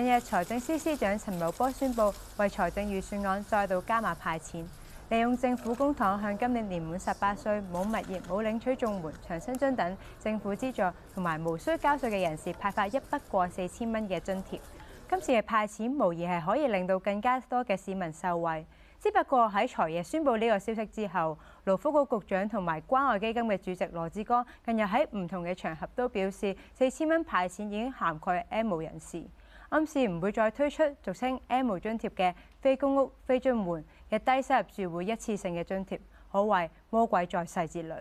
近日，財政司司長陳茂波宣布為財政預算案再度加碼派錢，利用政府公帑向今年年滿十八歲冇物業、冇領取綜援、長生津等政府資助同埋無需交稅嘅人士派發一筆過四千蚊嘅津貼。今次嘅派錢無疑係可以令到更加多嘅市民受惠。只不過喺財爺宣布呢個消息之後，勞福局局長同埋關愛基金嘅主席羅致光近日喺唔同嘅場合都表示，四千蚊派錢已經涵蓋 N 無人士。暗示唔會再推出俗稱 N 無津貼嘅非公屋非綜援嘅低收入住戶一次性嘅津貼，可謂魔鬼在細節裡。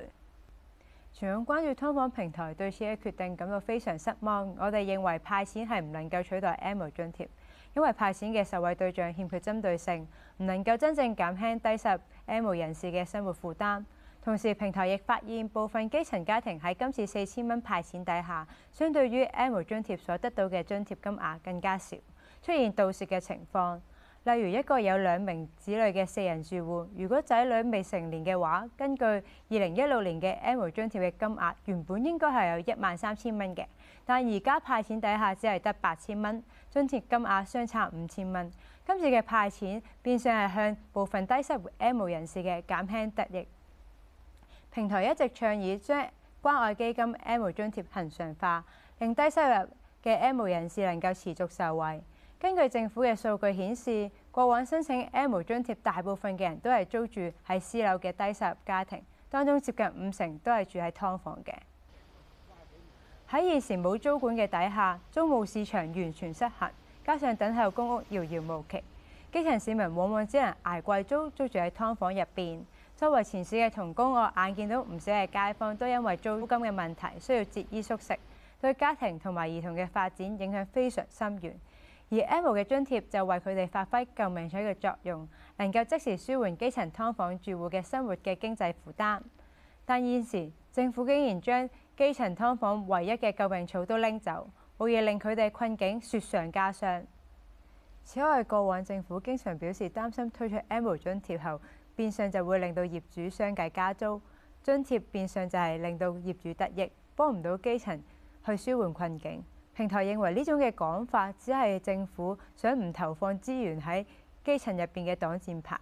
全港關注劏房平台對此嘅決定感到非常失望。我哋認為派錢係唔能夠取代 N 無津貼，因為派錢嘅受惠對象欠缺針對性，唔能夠真正減輕低收入 N 無人士嘅生活負擔。同時，平台亦發現部分基層家庭喺今次四千蚊派錢底下，相對於 N 無津貼所得到嘅津貼金額更加少，出現倒蝕嘅情況。例如一個有兩名子女嘅四人住戶，如果仔女未成年嘅話，根據二零一六年嘅 N 無津貼嘅金額，原本應該係有一萬三千蚊嘅，但而家派錢底下只係得八千蚊，津貼金額相差五千蚊。今次嘅派錢變相係向部分低收入 N 無人士嘅減輕得益。平台一直倡議將關愛基金 N 無津貼恒常化，令低收入嘅 N 無人士能夠持續受惠。根據政府嘅數據顯示，過往申請 N 無津貼大部分嘅人都係租住喺私樓嘅低收入家庭，當中接近五成都係住喺劏房嘅。喺以前冇租管嘅底下，租務市場完全失衡，加上等候公屋遙遙無期，基層市民往往只能捱貴租，租住喺劏房入邊。周圍前線嘅同工，我眼見到唔少嘅街坊都因為租金嘅問題需要節衣縮食，對家庭同埋兒童嘅發展影響非常深遠。而 M 嘅津貼就為佢哋發揮救命水嘅作用，能夠即時舒緩基層劏房住戶嘅生活嘅經濟負擔。但現時政府竟然將基層劏房唯一嘅救命草都拎走，無異令佢哋困境雪上加霜。此外，過往政府經常表示擔心推出 M 津貼後，變相就會令到業主相繼加租，津貼變相就係令到業主得益，幫唔到基層去舒緩困境。平台認為呢種嘅講法，只係政府想唔投放資源喺基層入邊嘅擋箭牌。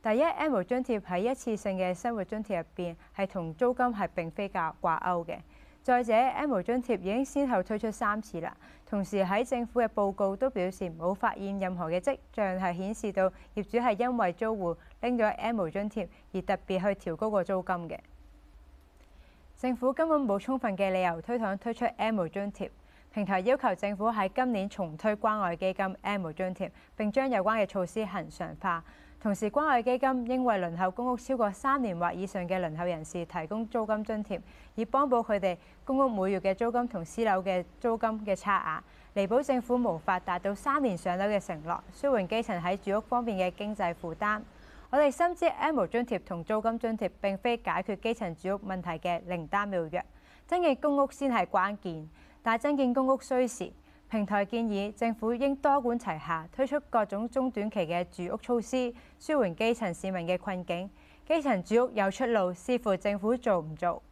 第一，M、O、津貼喺一次性嘅生活津貼入邊，係同租金係並非掛鈎嘅。再者，N 無津貼已經先後推出三次啦。同時喺政府嘅報告都表示冇發現任何嘅跡象係顯示到業主係因為租戶拎咗 N 無津貼而特別去調高個租金嘅。政府根本冇充分嘅理由推搪推出 N 無津貼，平台要求政府喺今年重推關愛基金 N 無津貼，並將有關嘅措施恒常化。同時，關愛基金應為輪候公屋超過三年或以上嘅輪候人士提供租金津貼，以幫補佢哋公屋每月嘅租金同私樓嘅租金嘅差額，彌補政府無法達到三年上樓嘅承諾，舒緩基層喺住屋方面嘅經濟負擔。我哋深知 N 無津貼同租金津貼並非解決基層住屋問題嘅靈丹妙藥，增建公屋先係關鍵。但係增建公屋需時。平台建議政府應多管齊下，推出各種中短期嘅住屋措施，舒緩基層市民嘅困境。基層住屋有出路，視乎政府做唔做。